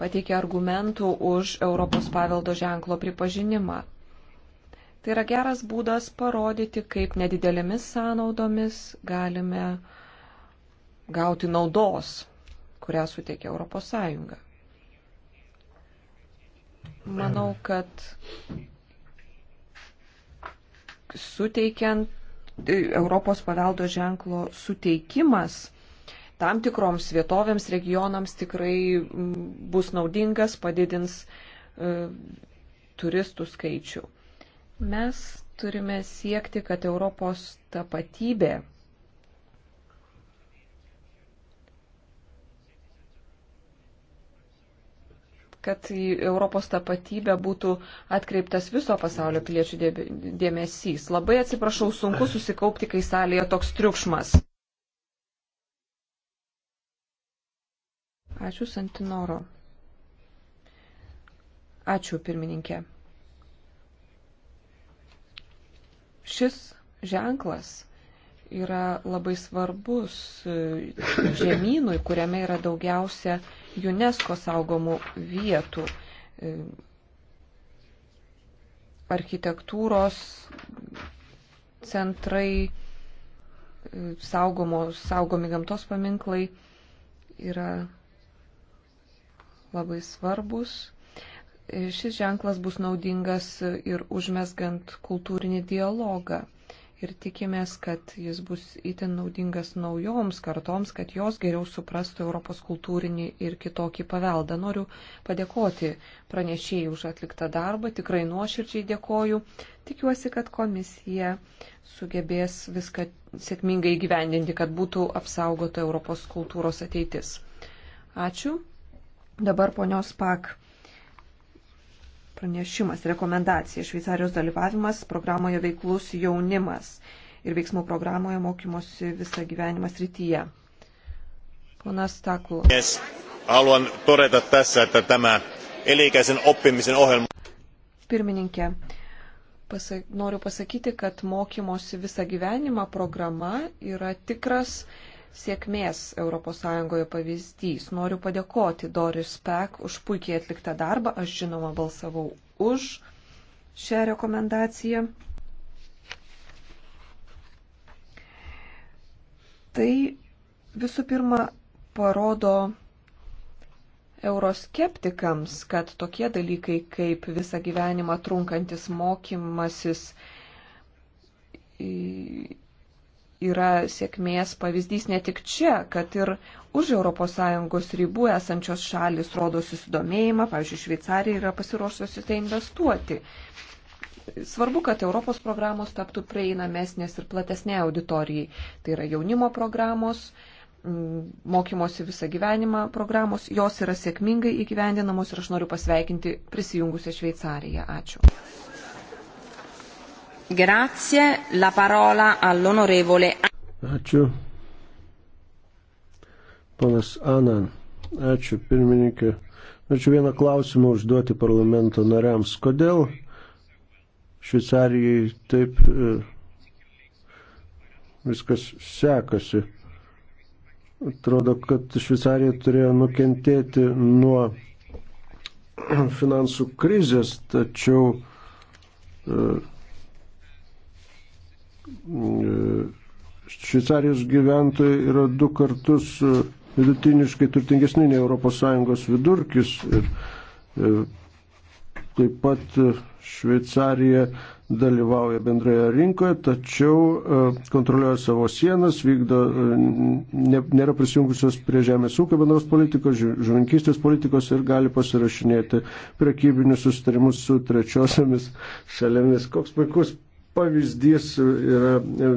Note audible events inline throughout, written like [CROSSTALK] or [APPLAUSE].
pateikė argumentų už Europos paveldo ženklo pripažinimą. Tai yra geras būdas parodyti, kaip nedidelėmis sąnaudomis galime gauti naudos, kurią suteikia Europos Sąjunga. Manau, kad suteikiant Europos paveldo ženklo suteikimas tam tikroms vietovėms, regionams tikrai bus naudingas, padidins e, turistų skaičių. Mes turime siekti, kad Europos tapatybė kad į Europos tapatybę būtų atkreiptas viso pasaulio piliečių dėmesys. Labai atsiprašau, sunku susikaupti, kai salėje toks triukšmas. Ačiū, Santinoro. Ačiū, pirmininkė. Šis ženklas yra labai svarbus e, žemynui, kuriame yra daugiausia UNESCO saugomų vietų e, architektūros centrai, e, saugomo, saugomi gamtos paminklai yra labai svarbus. Šis ženklas bus naudingas ir užmesgant kultūrinį dialogą. Ir tikimės, kad jis bus itin naudingas naujoms kartoms, kad jos geriau suprastų Europos kultūrinį ir kitokį paveldą. Noriu padėkoti pranešėjai už atliktą darbą, tikrai nuoširdžiai dėkoju. Tikiuosi, kad komisija sugebės viską sėkmingai gyvendinti, kad būtų apsaugota Europos kultūros ateitis. Ačiū. Dabar ponios PAK pranešimas, rekomendacija Šveicarijos dalyvavimas programoje veiklus jaunimas ir veiksmų programoje mokymosi visą gyvenimą srityje. Ponas Takula. Yes. Haluan todeta tässä, että tämä elikäisen oppimisen ohjelma. Pirmininkė, pasak, noriu pasakyti, kad mokymosi visą gyvenimą programa yra tikras sėkmės ES pavyzdys. Noriu padėkoti Doris Pek už puikiai atliktą darbą. Aš žinoma balsavau už šią rekomendaciją. Tai visų pirma parodo euroskeptikams, kad tokie dalykai kaip visą gyvenimą trunkantis mokymasis yra sėkmės pavyzdys ne tik čia, kad ir už ES ribų esančios šalis rodo susidomėjimą, pavyzdžiui, Šveicarija yra pasiruošusi tai investuoti. Svarbu, kad Europos programos taptų prieinamesnės ir platesnė auditorijai. Tai yra jaunimo programos, mm, mokymosi visą gyvenimą programos, jos yra sėkmingai įgyvendinamos ir aš noriu pasveikinti prisijungusią Šveicariją. Ačiū. Grazie. La parola all'onorevole. Ačiū. Panas Anan. Ačiū, pirmininkė. Ačiū vieną klausimą užduoti parlamento nariams. Kodėl Šveicarijai taip e, viskas sekasi? Atrodo, kad Šveicarija turėjo nukentėti nuo [CLEARS THROAT] finansų krizės, tačiau e, E, Šveicarijos gyventojai yra du kartus e, vidutiniškai turtingesni nei ES vidurkis. Ir e, taip pat Šveicarija dalyvauja bendroje rinkoje, tačiau kontroliuoja savo sienas, vykdo, nėra prisijungusios prie žemės ūkio bendros politikos, žuvinkystės politikos ir gali pasirašinėti prekybinius sustarimus su trečiosiamis šalėmis. Koks puikus pavyzdys yra e,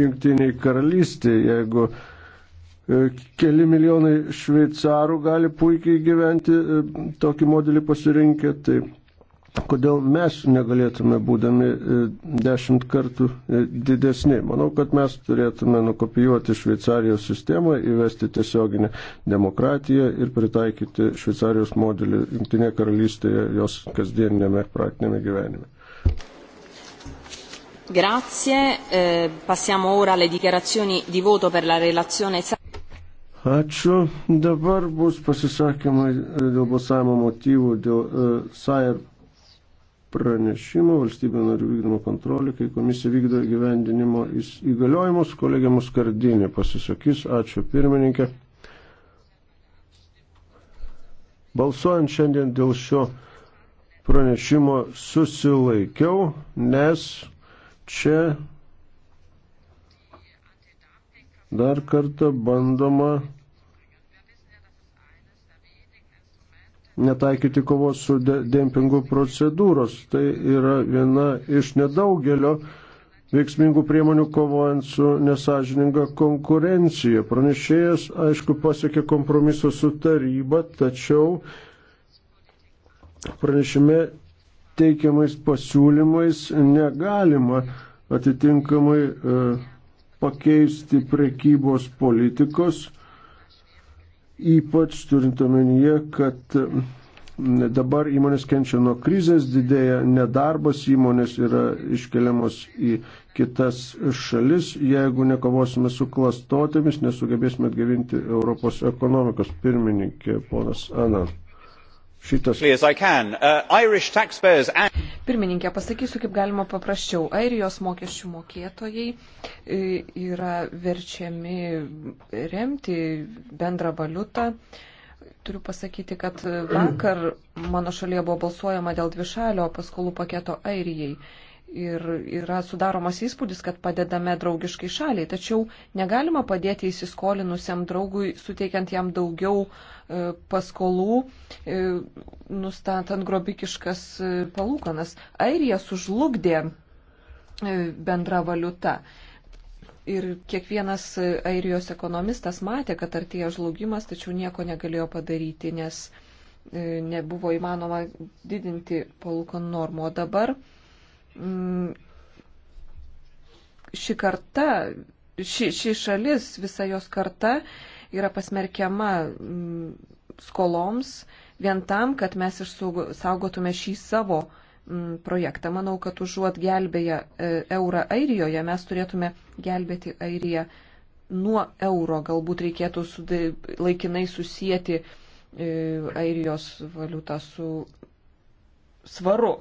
jungtiniai karalystė, jeigu e, keli milijonai šveicarų gali puikiai gyventi e, tokį modelį pasirinkę, tai kodėl mes negalėtume, būdami dešimt kartų didesni. Manau, kad mes turėtume nukopijuoti Šveicarijos sistemą, įvesti tiesioginę demokratiją ir pritaikyti Šveicarijos modelį Junktinėje karalystėje jos kasdieninėme praktinėme gyvenime. Grazie. Eh, passiamo ora alle dichiarazioni di voto per la relazione. Ačiū. Dabar bus pasisakymai eh, dėl balsavimo motyvų, dėl uh, eh, SAIR pranešimo valstybė narių vykdymo kontrolė, kai komisija vykdo gyvendinimo įgaliojimus, kolegė Muskardinė pasisakys. Ačiū pirmininkė. Balsuojant šiandien dėl šio pranešimo susilaikiau, nes Čia dar kartą bandoma netaikyti kovos su de dempingu procedūros. Tai yra viena iš nedaugelio veiksmingų priemonių kovojant su nesažininga konkurencija. Pranešėjas, aišku, pasiekė kompromiso su taryba, tačiau pranešime teikiamais pasiūlymais negalima atitinkamai e, pakeisti prekybos politikos, ypač turint omenyje, kad e, dabar įmonės kenčia nuo krizės, didėja nedarbas, įmonės yra iškeliamos į kitas šalis. Jeigu nekovosime su klastotėmis, nesugebėsime atgavinti Europos ekonomikos pirmininkė, ponas Ana šitas. Uh, Pirmininkė, pasakysiu, kaip galima paprasčiau. Airijos mokesčių mokėtojai e, yra verčiami remti bendrą valiutą. Turiu pasakyti, kad vakar mano šalyje buvo balsuojama dėl dvišalio paskolų paketo Airijai ir yra sudaromas įspūdis, kad padedame draugiškai šaliai, tačiau negalima padėti įsiskolinusiam draugui, suteikiant jam daugiau e, paskolų, e, nustatant grobikiškas e, palūkanas. Airija sužlugdė bendra valiuta. Ir kiekvienas airijos ekonomistas matė, kad artėja žlugimas, tačiau nieko negalėjo padaryti, nes nebuvo įmanoma didinti palūkanų normų. O dabar Mm, ši karta, ši, ši šalis, visa jos karta yra pasmerkiama mm, skoloms vien tam, kad mes išsaugotume šį savo mm, projektą. Manau, kad užuot gelbėję e, eurą Airijoje, mes turėtume gelbėti Airiją nuo euro. Galbūt reikėtų sudai, laikinai susijęti e, Airijos valiutą su svaru.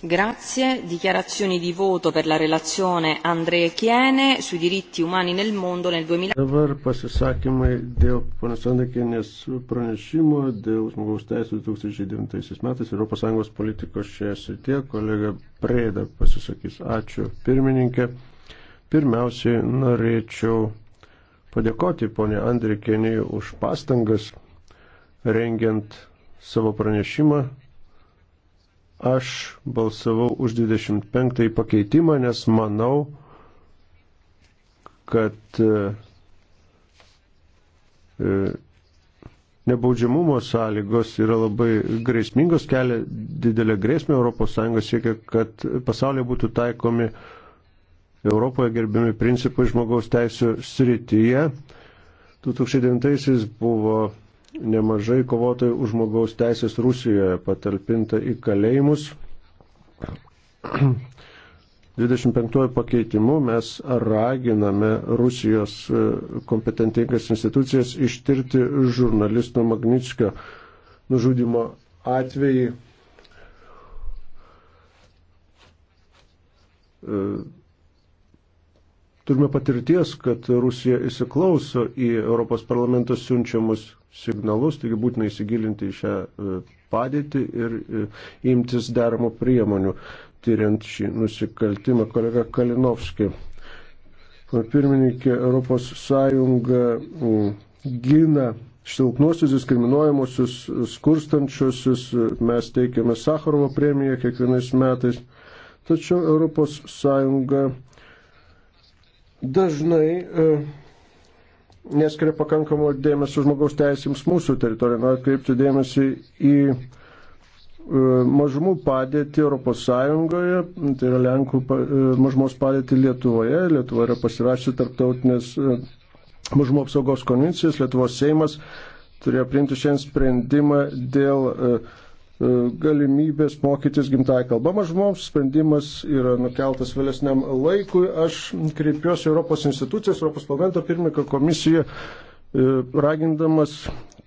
Grazie. Dichiarazioni di voto per la relazione Andrei Chiene sui diritti umani nel mondo nel 2000. Dabar pasisakymai dėl ponios Andekienės pranešimo dėl žmogaus teisų 2009 metais ES politikos šioje srityje. Kolega Preda pasisakys. Ačiū pirmininkė. Pirmiausiai norėčiau padėkoti ponė Andrikienė už pastangas rengiant savo pranešimą Aš balsavau už 25 pakeitimą, nes manau, kad e, e, nebaudžiamumo sąlygos yra labai grėsmingos, kelia didelę grėsmę ES siekia, kad pasaulyje būtų taikomi Europoje gerbiami principai žmogaus teisų srityje. 2009 buvo nemažai kovotojų už žmogaus teisės Rusijoje patalpinta į kalėjimus. 25 [CLEARS THROAT] pakeitimu mes raginame Rusijos e, kompetentingas institucijas ištirti žurnalisto Magnitskio nužudimo atvejį. E, turime patirties, kad Rusija įsiklauso į Europos parlamento siunčiamus signalus, taigi būtina įsigilinti į šią e, padėtį ir e, imtis daromų priemonių, tyriant šį nusikaltimą. Kolega Kalinovski, pirmininkė Europos Sąjunga mm, gina silpnuosius, diskriminuojamusius, skurstančiusius, mes teikiame Sakarovo premiją kiekvienais metais. Tačiau Europos Sąjunga dažnai e, neskiria pakankamo dėmesio žmogaus teisėms mūsų teritorijoje. Noriu atkreipti dėmesį į e, mažumų padėtį Europos Sąjungoje, tai yra Lenkų e, mažumos padėtį Lietuvoje. Lietuva yra pasirašysi tarptautinės e, mažumų apsaugos konvencijas. Lietuvos Seimas turėjo priimti šiandien sprendimą dėl uh, E, galimybės mokytis gimtąją kalbą. Mažmoms sprendimas yra nukeltas vėlesniam laikui. Aš kreipiuosi Europos institucijas, Europos parlamento pirmininką komisiją, e, ragindamas,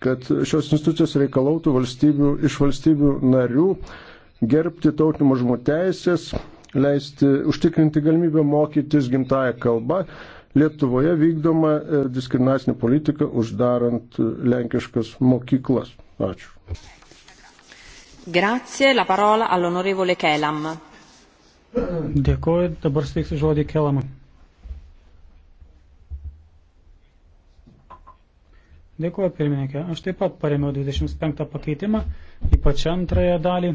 kad šios institucijos reikalautų valstybių, iš valstybių narių gerbti tautinių mažumų teisės, leisti užtikrinti galimybę mokytis gimtąją kalbą. Lietuvoje vykdoma e, diskriminacinė politika uždarant lenkiškas mokyklas. Ačiū. Grazie, la parola all'onorevole Kelam. Dėkuoju, dabar steiksiu žodį Kelamui. Dėkuoju, pirmininkė. Aš taip pat paremiau 25 pakeitimą, ypač antrąją dalį.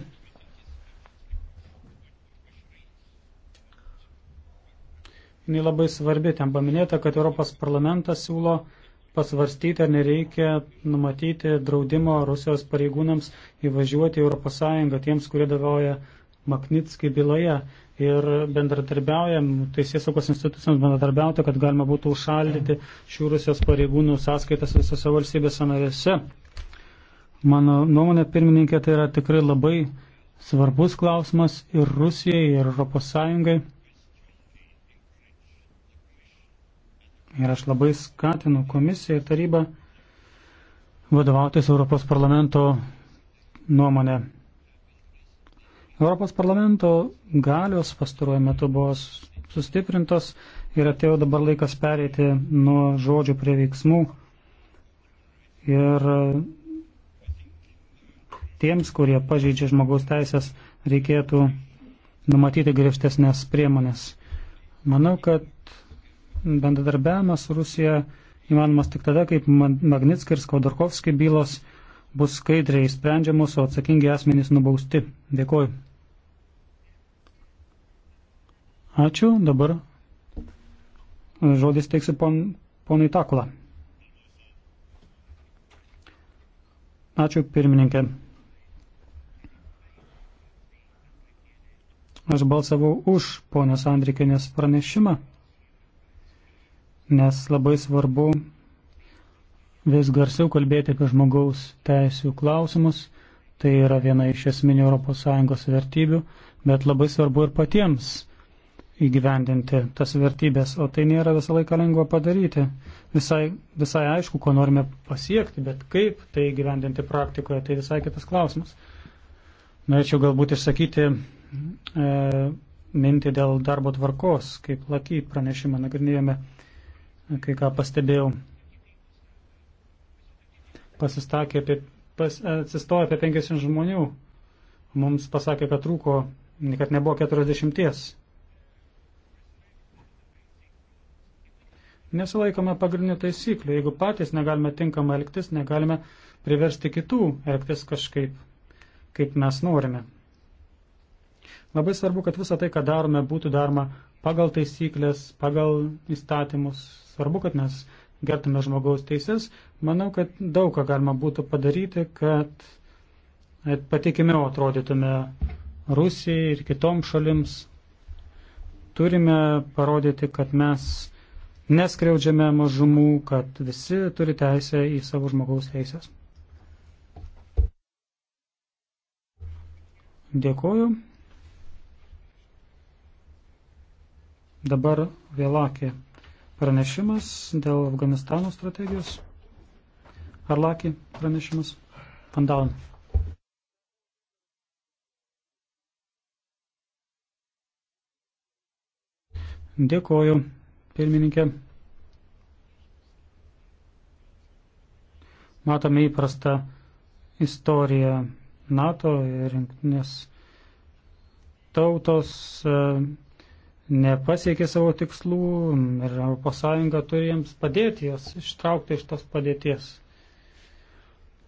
Jis labai svarbi, ten paminėta, kad Europos parlamentas siūlo pasvarstyti, ar nereikia numatyti draudimo Rusijos pareigūnams įvažiuoti į ES tiems, kurie davauja Magnitskai byloje ir bendradarbiaujam, teisės saugos institucijoms bendradarbiauti, kad galima būtų užšaldyti šių Rusijos pareigūnų sąskaitas visose valstybėse narėse. Mano nuomonė, pirmininkė, tai yra tikrai labai svarbus klausimas ir Rusijai, ir ES. Ir aš labai skatinu komisiją ir tarybą vadovautis Europos parlamento nuomonė. Europos parlamento galios pastaruoju metu buvo sustiprintos ir atėjo dabar laikas pereiti nuo žodžių prie veiksmų. Ir e, tiems, kurie pažeidžia žmogaus teisės, reikėtų numatyti griežtesnės priemonės. Manau, kad bendradarbiavimas su Rusija įmanomas tik tada, kaip Magnitskai ir Skaudorkovskai bylos bus skaidriai sprendžiamos, o atsakingi asmenys nubausti. Dėkuoju. Ačiū. Dabar žodis teiksiu pon, ponui Takulą. Ačiū pirmininkė. Aš balsavau už ponios Andrikinės pranešimą nes labai svarbu vis garsiau kalbėti apie žmogaus teisų klausimus. Tai yra viena iš esminių ES vertybių, bet labai svarbu ir patiems įgyvendinti tas vertybės, o tai nėra visą laiką lengva padaryti. Visai, visai aišku, ko norime pasiekti, bet kaip tai įgyvendinti praktikoje, tai visai kitas klausimas. Norėčiau galbūt išsakyti e, mintį dėl darbo tvarkos, kaip laky pranešimą nagrinėjome kai ką pastebėjau. Pasistakė apie, pas, atsistojo apie 50 žmonių. Mums pasakė, kad trūko, kad nebuvo 40. Nesilaikome pagrindinių taisyklių. Jeigu patys negalime tinkamai elgtis, negalime priversti kitų elgtis kažkaip, kaip mes norime. Labai svarbu, kad visą tai, ką darome, būtų daroma pagal taisyklės, pagal įstatymus. Svarbu, kad mes gertume žmogaus teises. Manau, kad daug ką galima būtų padaryti, kad patikimiau atrodytume Rusijai ir kitoms šalims. Turime parodyti, kad mes neskriaudžiame mažumų, kad visi turi teisę į savo žmogaus teisės. Dėkuoju. Dabar vėlakė pranešimas dėl Afganistano strategijos. Ar lakė pranešimas? Pandaun. Dėkoju, pirmininkė. Matome įprastą istoriją NATO ir rinktinės tautos. E, nepasiekė savo tikslų ir ES turi jiems padėti, jas ištraukti iš tos padėties.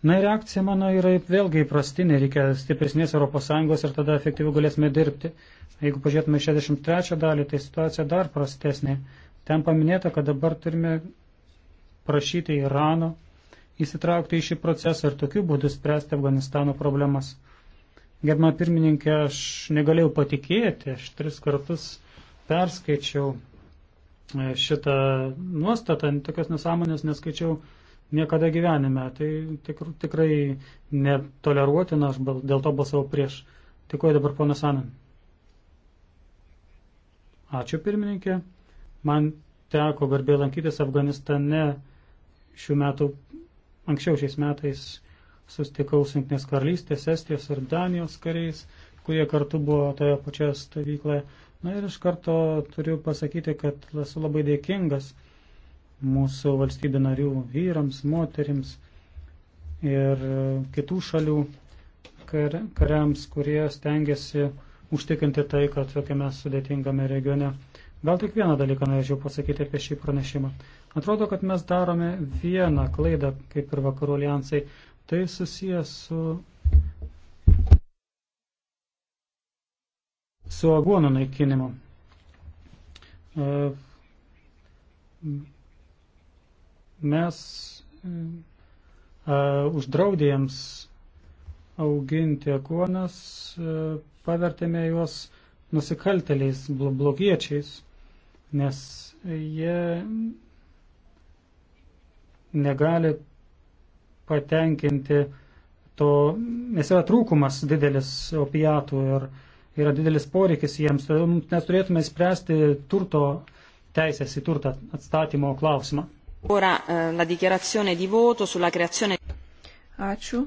Na ir reakcija mano yra vėlgi įprastinė, reikia stipresnės ES ir tada efektyviau galėsime dirbti. Jeigu pažiūrėtume 63 dalį, tai situacija dar prastesnė. Ten paminėta, kad dabar turime prašyti Irano įsitraukti į šį procesą ir tokiu būdu spręsti Afganistano problemas. Gerbama pirmininkė, aš negalėjau patikėti, aš tris kartus perskaičiau e, šitą nuostatą, tokios nesąmonės neskaičiau niekada gyvenime. Tai tikr, tikrai netoleruotina, aš dėl to balsavau prieš. Tikuoju dabar ponas Anan. Ačiū pirmininkė. Man teko garbė lankytis Afganistane šių metų, anksčiau šiais metais sustikau su Junktinės karalystės, Estijos ir Danijos kariais, kurie kartu buvo toje pačioje stovykloje. Na ir iš karto turiu pasakyti, kad esu labai dėkingas mūsų valstybių narių vyrams, moterims ir kitų šalių kariams, kurie stengiasi užtikrinti tai, kad tokiame sudėtingame regione. Gal tik vieną dalyką norėčiau pasakyti apie šį pranešimą. Atrodo, kad mes darome vieną klaidą, kaip ir vakarų alijansai. Tai susijęs su su aguonų naikinimu. E, mes e, uždraudėjams auginti aguonas e, pavertėme juos nusikalteliais, blogiečiais, nes jie negali patenkinti to, nes yra trūkumas didelis opiatų ir e, yra didelis poreikis jiems, nes turėtume spręsti turto teisės į turtą atstatymo klausimą. Ora, eh, la dichiarazione di voto sulla creazione. Ačiū.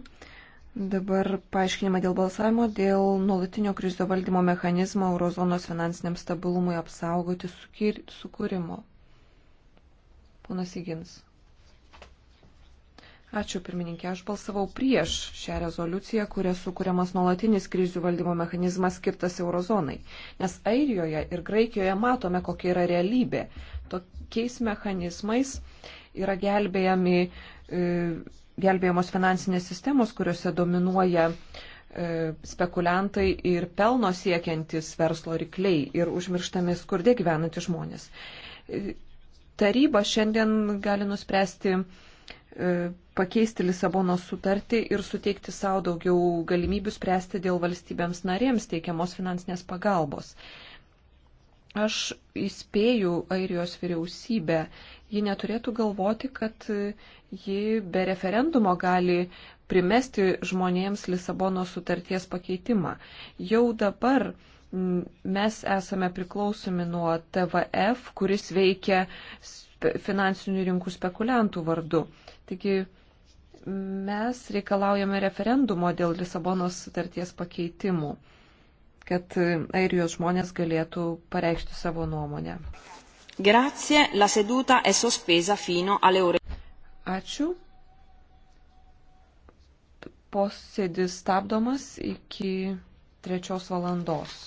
Dabar paaiškinimą dėl balsavimo dėl nuolatinio krizio valdymo mechanizmo eurozonos finansiniam stabilumui apsaugoti sukūrimo. Ponas Įgins. Ačiū pirmininkė, aš balsavau prieš šią rezoliuciją, kuria sukūriamas nuolatinis krizių valdymo mechanizmas skirtas eurozonai. Nes Airijoje ir Graikijoje matome, kokia yra realybė. Tokiais mechanizmais yra gelbėjami, e, gelbėjamos finansinės sistemos, kuriuose dominuoja e, spekuliantai ir pelno siekiantis verslo rykliai ir užmirštami skurdė gyvenantys žmonės. E, taryba šiandien gali nuspręsti E, pakeisti Lisabonos sutartį ir suteikti savo daugiau galimybių spręsti dėl valstybėms narėms teikiamos finansinės pagalbos. Aš įspėju Airijos vyriausybę, ji neturėtų galvoti, kad e, ji be referendumo gali primesti žmonėms Lisabonos sutarties pakeitimą. Jau dabar mes esame priklausomi nuo TVF, kuris veikia finansinių rinkų spekuliantų vardu. Taigi mes reikalaujame referendumo dėl Lisabonos sutarties pakeitimų, kad airijos žmonės galėtų pareikšti savo nuomonę. Grazie, la seduta è sospesa fino alle ore. Ačiū. Posėdis stabdomas iki trečios valandos.